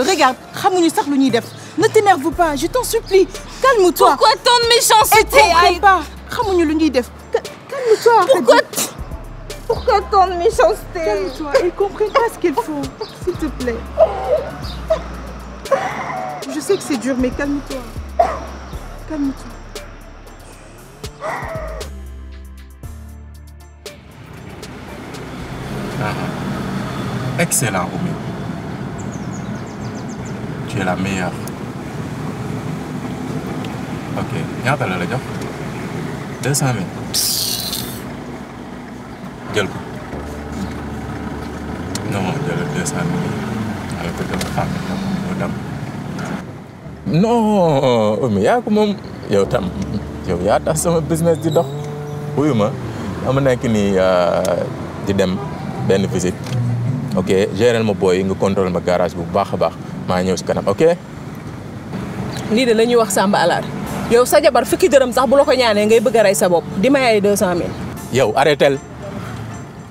regarde Ramon, sax def ne t'énerve pas je t'en supplie calme-toi. pourquoi tant de méchanceté ay pas xamuñu def calme-toi. pourquoi pourquoi tant de méchanceté. calme-toi et comprends pas ce qu'il faut, s'il te plaît. je sais que c'est dur mais calme-toi calme-toi. Ah, ah. excellent Roméo. tu es la ñaata la la jox deux cent mille jël ko non yaa ko moom yow tam yaa tax sama business di dox wuyu ma dama nekk nii euh, di dem benn visite ok gérer ma booy nga contrôle ma garage bu baax a baax ma ñew ci kanam okay li de lañuy wax Samba alar yow sa jabar fukki deureum sax bu la ko ngay bëgg ray sa bop di may ay 200000 yow arrêtel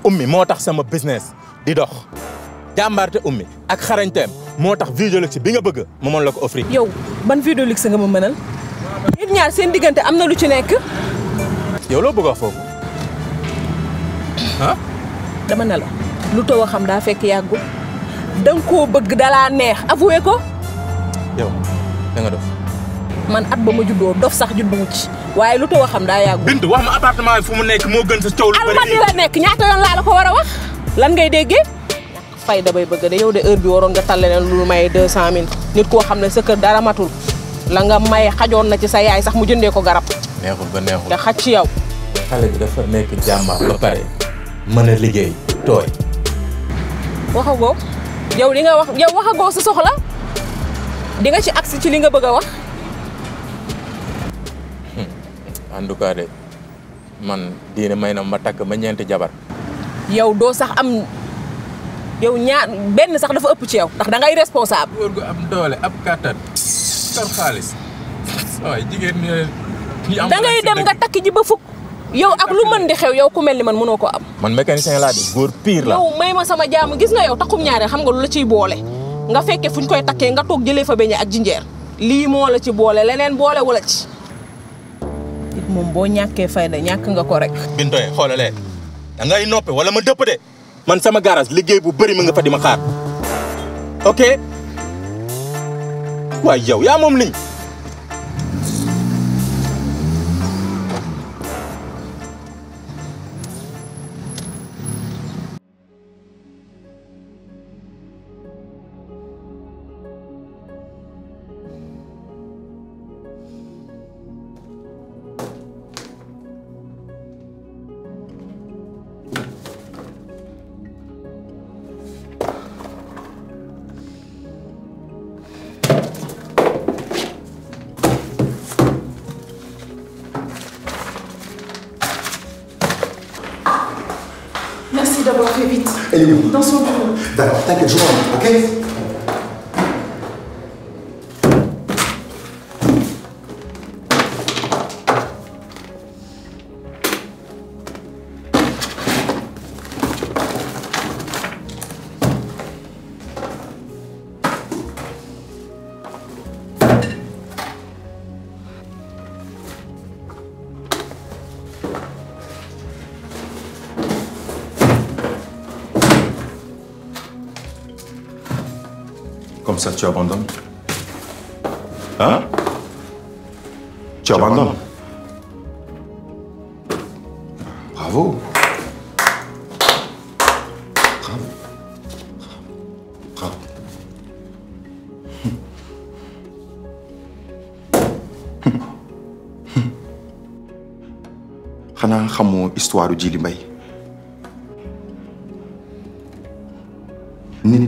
ummi motax sama business di dox jàmbaarte ummi ak xarañtem motax tax Videolux bi nga bëgg mo mën la ko offrir yow ban Videolux nga ma mënal nit ñaar seen digënté amna lu ci nekk yow lo bëgg wax fofu ha dama ne la lu too xam da fekk yàggu da nga koo bëgg dalaa neex avoué ko. yow da nga man at ba ma juddoo dof sax juddu ci waaye lu taw a xam daa yàggu. Bintu wax ma appartement bi fu mu nekk moo gën sa coow lu bëri la nekk ñaata yoon laa la ko war a wax lan ngay déggee. fay da bay bëgg de yow de heure bi waroon nga tàlle leen lu may 200000 nit koo xam ne sa kër dara matul la nga may xajoon na ci sa yaay sax mu jëndee ko garab. neexul ba neexul te xaj ci yow. xale bi dafa nekk jàmbaar ba pare mën a liggéey tooy. waxagoo. yow li nga wax yow waxagoo su soxla di nga ci aksi ci li nga bëgg wax en tout cas man diine mayna ma takk ma ñent jabar yow do sax am yow ñaar benn sax dafa ëpp ci yow tax da ngay responsable góor gu am doole ab kàttan kar xaalis waay ni am da ngay dem nga takk ji ba fuk yow ak lu man di xew yow ku melni man mëno ko am man mécanicien la di gor pire la yow mayma sama jaamu gis nga yow takum ñaareel xam nga lu la ciy boole nga fekke fuñ koy takkee nga tok jëlee fa beñ ak jinjeer li mo la ci boole leneen boole wala ci it moom boo ñàkkee fayda ñak nga ko rek bintoy xoolalee da ngay noppé wala ma depp de man sama garage liggéey bu bëri ma nga fa di ma xaar okay? waaye yow ya mom liñ Elle est où Dans son bureau. D'accord, t'inquiète, je rentre, ok Comme ça, tu abandonnes. Hein Tu, abandonnes. Bravo..! Bravo. Bravo. Tu as une histoire Djily Mbaye nit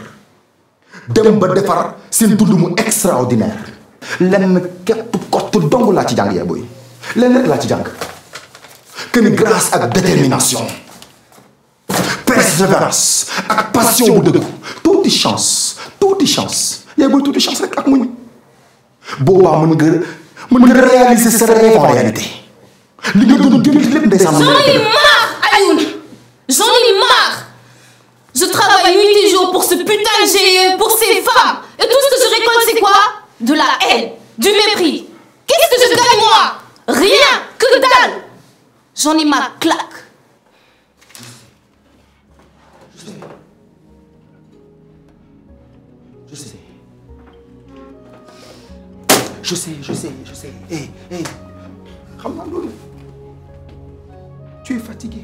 dem ba defar seen dund mu extraordinaire lenn képp kott dong la ci jàng yee boy lenn rek laa ci jàng que ni grâce ak détermination persévérance ak passion bu dëggu tuuti chance tuuti chance yee boy tuuti chance rek ak muñ boobaa mën nga mën nga réaliser sa rêve en réalité li nga doon jënd lépp ndeysaan. Jean Limar Alioune Jean pour ce putain de GE, pour ces femmes. Et tout ce que je récolte, c'est quoi De la haine, du mépris. Qu'est-ce que je gagne, moi Rien, que dalle. J'en ai ma claque. Je sais. Je sais. Je sais, je sais, je sais. Hé, hey, hé. Tu es fatigué.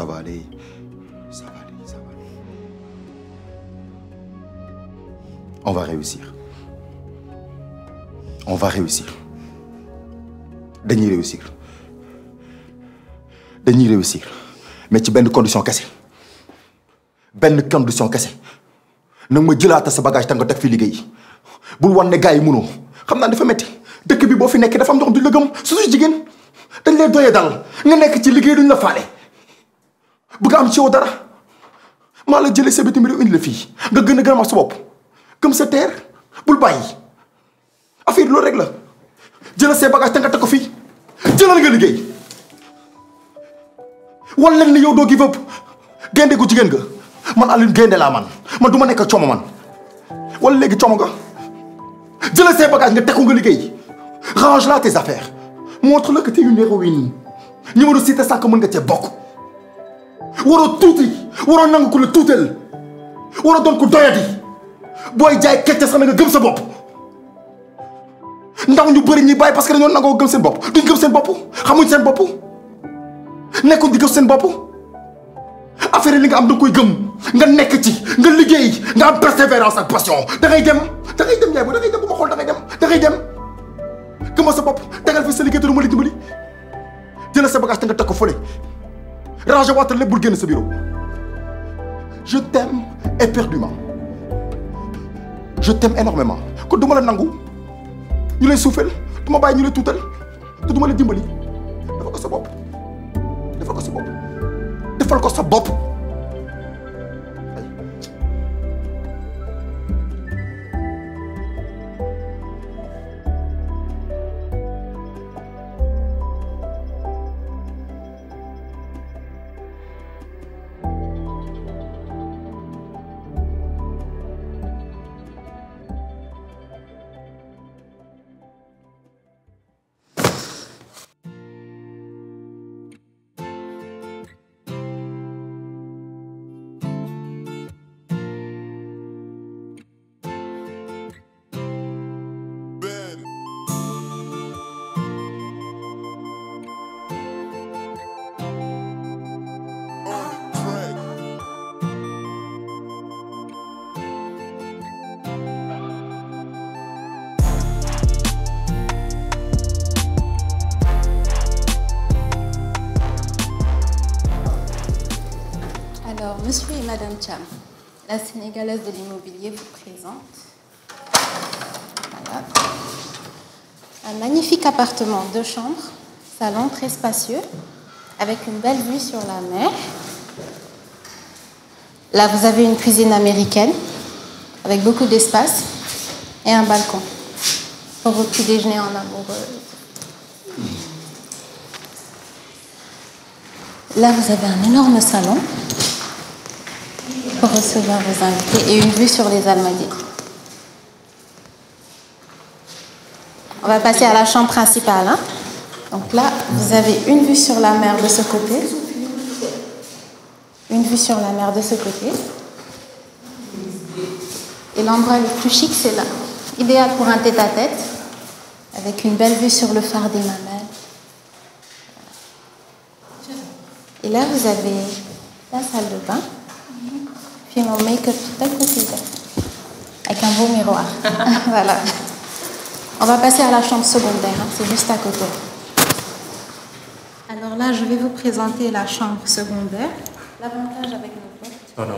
Ça va aller. Ça va aller, va On va réussir. On va réussir. dañuy réussir dañuy réussir mais ci une condition cassée. condition cassé. nag ma jëlaata sa bagage te nga fi Si tu as ne gars yi mënoo Tu tu metti Tu bi tu fi Tu dafa am plus Tu la Tu dañ Tu nga Tu je ne sais pas si tu es un vais Je ne la nga terre affaire loolu tu la jëlal say bagage te nga ko Je ne nga pas si tu ni yow give up nga man Alioune gaynde de man man du ma nekk man range là tes affaires montre-le que tu es une héroïne numéro cité sànq ça que un waroo tuti, waroo nang ko le tutel waroo don ko doyati boy jay kete sax nga gem sa bop ndaw ñu bari ñi bay parce que dañu nango gem sen bop duñ gem sen bop xamuñ sen bop nekkuñ di gem sen bop affaire li nga am da koy gem nga nekk ci nga liggey nga am persévérance ak passion da ngay dem da ngay dem jay bu da ngay dem bu ma xool da ngay dem da ngay dem gëma sa bop tagal fi sa liggey tu ma dimbali jëlal sa bagage nga teg ko rangé waatal le bul de ce bureau je t'aime éperdument je t'aime énormément Quand tu ma la nangu ñu lay tu tu ma tout ñu lay m'as te Ne la dimbali dafa ko sa fais dafa ko sa Ne fais Monsieur et Madame Cham, la Sénégalaise de l'immobilier vous présente un magnifique appartement, deux chambres, salon très spacieux, avec une belle vue sur la mer. Là, vous avez une cuisine américaine, avec beaucoup d'espace, et un balcon, pour vos petits déjeuners en amoureuse. Là, vous avez un énorme salon pour recevoir vos invités et une vue sur les Almadies. On va passer à la chambre principale. Hein. Donc là, vous avez une vue sur la mer de ce côté, une vue sur la mer de ce côté. Et l'endroit le plus chic, c'est là. Idéal pour un tête-à-tête, -tête, avec une belle vue sur le phare des mamelles. Et là, vous avez la salle de bain puis mon make-up tout à côté, avec un beau miroir. voilà. On va passer à la chambre secondaire, hein. c'est juste à côté. Alors là, je vais vous présenter la chambre secondaire. L'avantage avec nos portes... Pardon,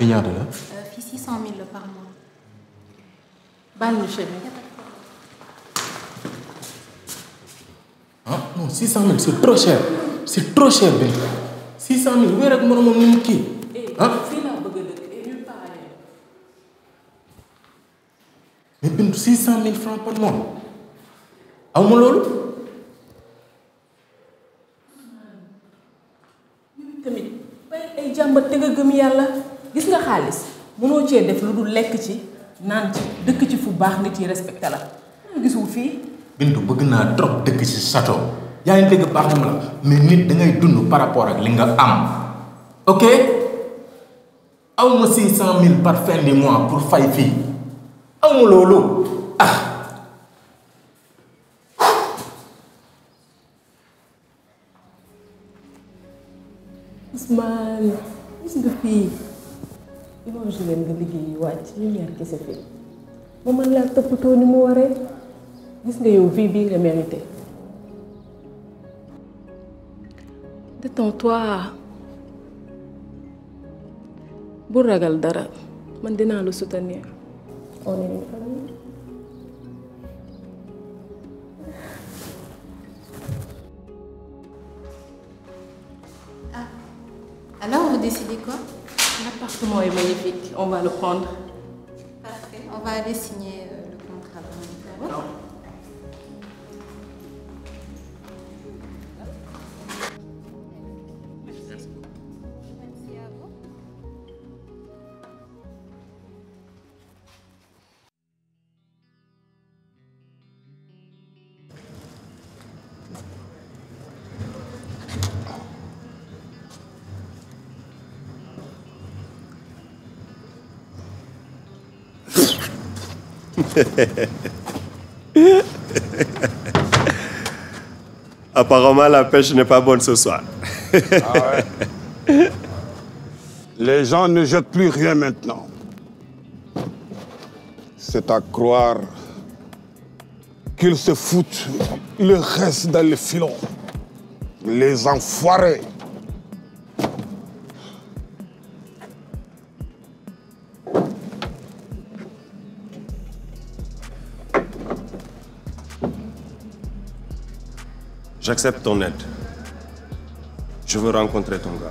madame. de là. Euh, 600 000 par mois. Ban Michel. Ah non, 600 000, c'est trop cher. C'est trop cher, Ben. 600 000, est-ce que mon six cent mille francs par mois awma loolu tamit bari ay jàmbat te nga gëm yàlla gis nga xaalis mënoo cee def lu dul lekk ci naan ci dëkk ci fu baax nit yi respecté la gisul fii bindu bëgg naa trop dëkk ci château yaa ngi dégg baax na ma la mais nit dangay dund par rapport ak li nga am ok awma six cent mille par fin du mois pour fay fii Oh lolo. ah Ousmane tu nga ils imaginer nga liggéey yi wàcc ñu ma mën laa ni mu waree gis nga yow vie bii nga mérité détends-toi bu ragal dara man vais la soutenir on est famille. Ah. Alors, ah, vous décidez quoi L'appartement est magnifique. On va le prendre. Parfait. On va aller signer. Apparemment, la pêche n'est pas bonne ce soir. Ah les gens ne jettent plus rien maintenant. C'est à croire qu'ils se foutent le reste dans le filon. Les enfoirés. J'accepte ton aide. Je veux rencontrer ton gars.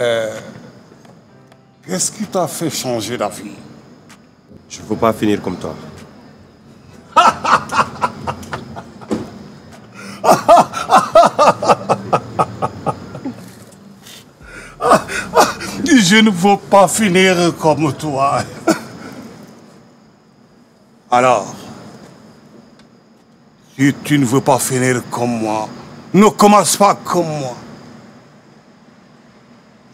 Euh, qu'est-ce qui t'a fait changer d'avis Je ne veux pas finir comme toi. Je ne veux pas finir comme toi. Alors, si tu ne veux pas finir comme moi, ne commence pas comme moi.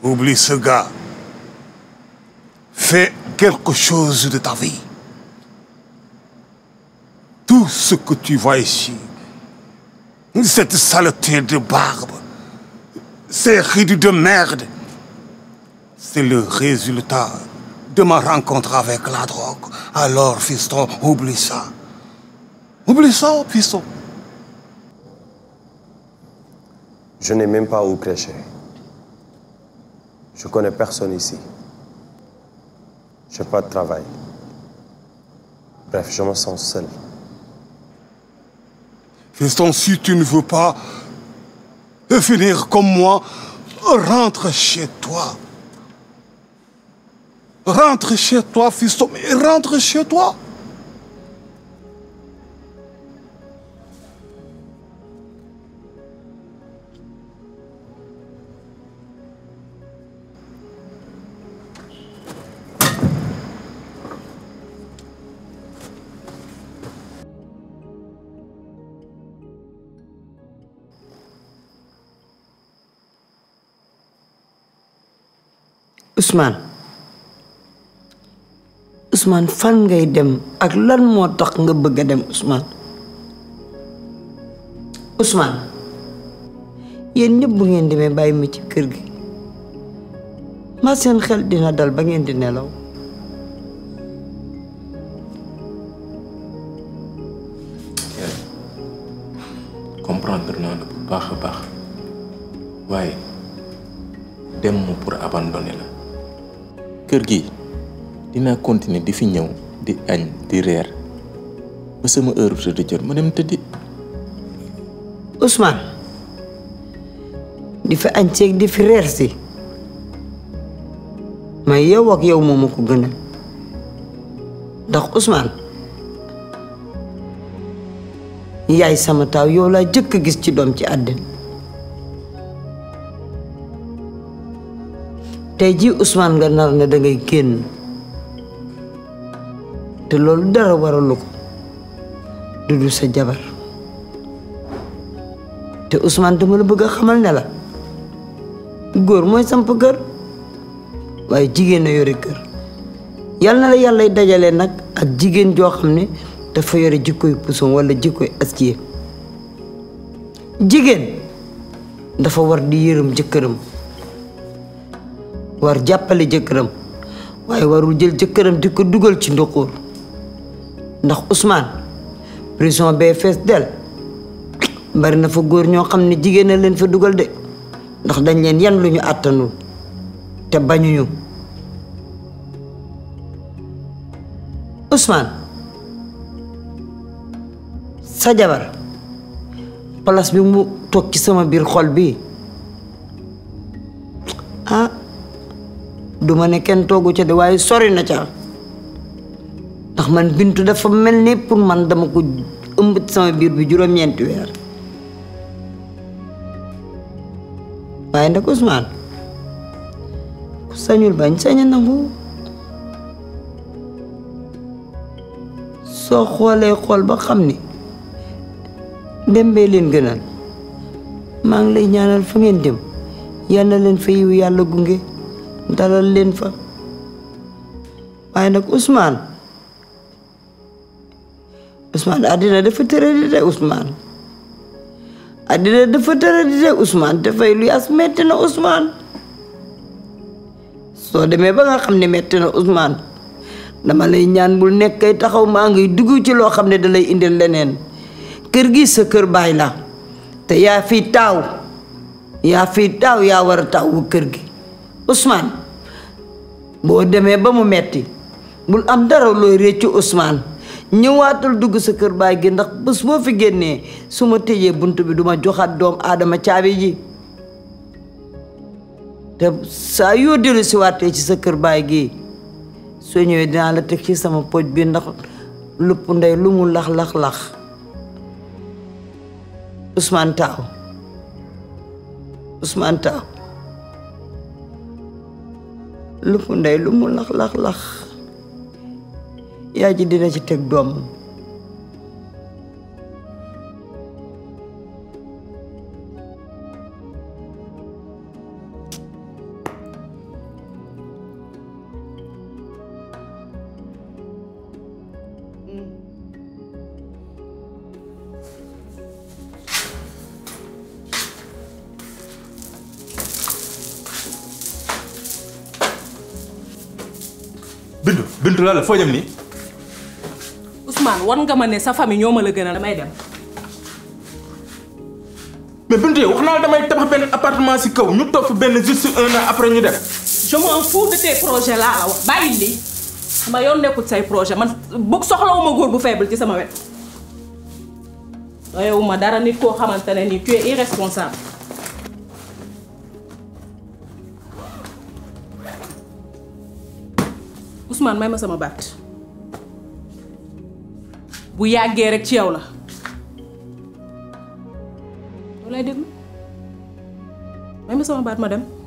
Oublie ce gars. Fais quelque chose de ta vie. Tout ce que tu vois ici, cette saleté de barbe, ces rides de merde, c'est le résultat de ma rencontre avec la drogue. Alors, fiston, oublie ça. Oublie ça, fiston. Je n'ai même pas où cracher. Je connais personne ici. Je n'ai pas de travail. Bref, je me sens seul. Fiston, si tu ne veux pas finir comme moi, rentre chez toi. Rentre chez toi, fiston, Et rentre chez toi. Usman, fan ngay dem ak lan mo tax nga bëgg Usman, dem Usman Usman yeen ñepp bu ngeen demee bàyyi ma ci kër gi ma seen xel dina dal ba ngeen di nelaw comprendre na la bu baax a baax waaye dem mu pour abandonner la kër gi dina continuer di fi ñew di agn di reer ba sama heure de jot ma dem tëddi Ousmane di fa agn ci di fi reer si ma yow ak yow mooma ko gëna ndax Ousmane yaay sama taaw yow laa jëkk gis ci doom ci àddina tey Ousmane nga nar ne te loolu dara waralu ko du du sa jabar te Ousmane dama la bëgg a xamal ne la góor mooy samp kër waaye jigéen a yore kër yal na la yàlla dajalee nag ak jigéen joo xam ne dafa yore jikkoy walla jikko jikkoy acier jigéen dafa war di yërëm jëkkëram war jàppale jëkkëram waaye warul jël jëkkëram di ko dugal ci ndoxóor ndax Ousmane prison bee fess del bari na fa góor ño xamni jigen na len fa duggal de ndax dañ len yan lu ñu te te ñu Ousmane sa jabar place bi mu tok ci sama bir xol bi ah duma ne ken togu ci de way sori na ca ndax man bintu dafa melni pour man dama ko ëmb sama biir bi juróom-ñeenti weer waaye nag Ousmane ku sañul bañ sañe nangu soo xoolee xool ba xam ni dembee leen gënal maa ngi lay ñaanal fa ngeen dem fa yiw yàlla gunge dalal leen fa waaye nag Ousmane Ousmane àddina dafa tëradi de Ousmane àddina dafa tëradi de Ousmane te fay lu yaas metti na Ousmane soo demee ba nga xam ne metti na Ousmane dama lay ñaan bul nekk kay taxaw maa ngi dugg ci loo xam ne dalay indil leneen kër gi sa kër baay la te yaa fi taaw yaa fi taaw yaa war a taaw kër gi Ousmane boo demee ba mu metti bul am dara looy réccu Ousmane ñewatul dug sa kër bay gi ndax bës bo fi génné suma tejé buntu bi duma joxat doom adama ciabi ji té sa yoo dellu ci waté ci sa kër bay gi so ñewé dina la teg ci sama poj bi ndax lupp ndey lu mu lax lax lax Ousmane Taaw Ousmane Taaw lupp ndey lu mu lax lax lax yaay ji dina ci teg doomam Bintu Bintu laa la foo jëm nii Ousmane war nga sa famille ñoo la gënal damay dem. mais Bintou wax damay tabax appartement si kaw ñu toog juste un an après ñu je m'en fous de tes projets là la wax sama yoon say projet man bëgg soxlawuma góor bu faible ci sama wet. doyewuma dara nit koo xamante ne tu es irresponsable. Ousmane may ma sama baat. bu yàggee rek ci yow la loolay déglu may ma sama baat ma dem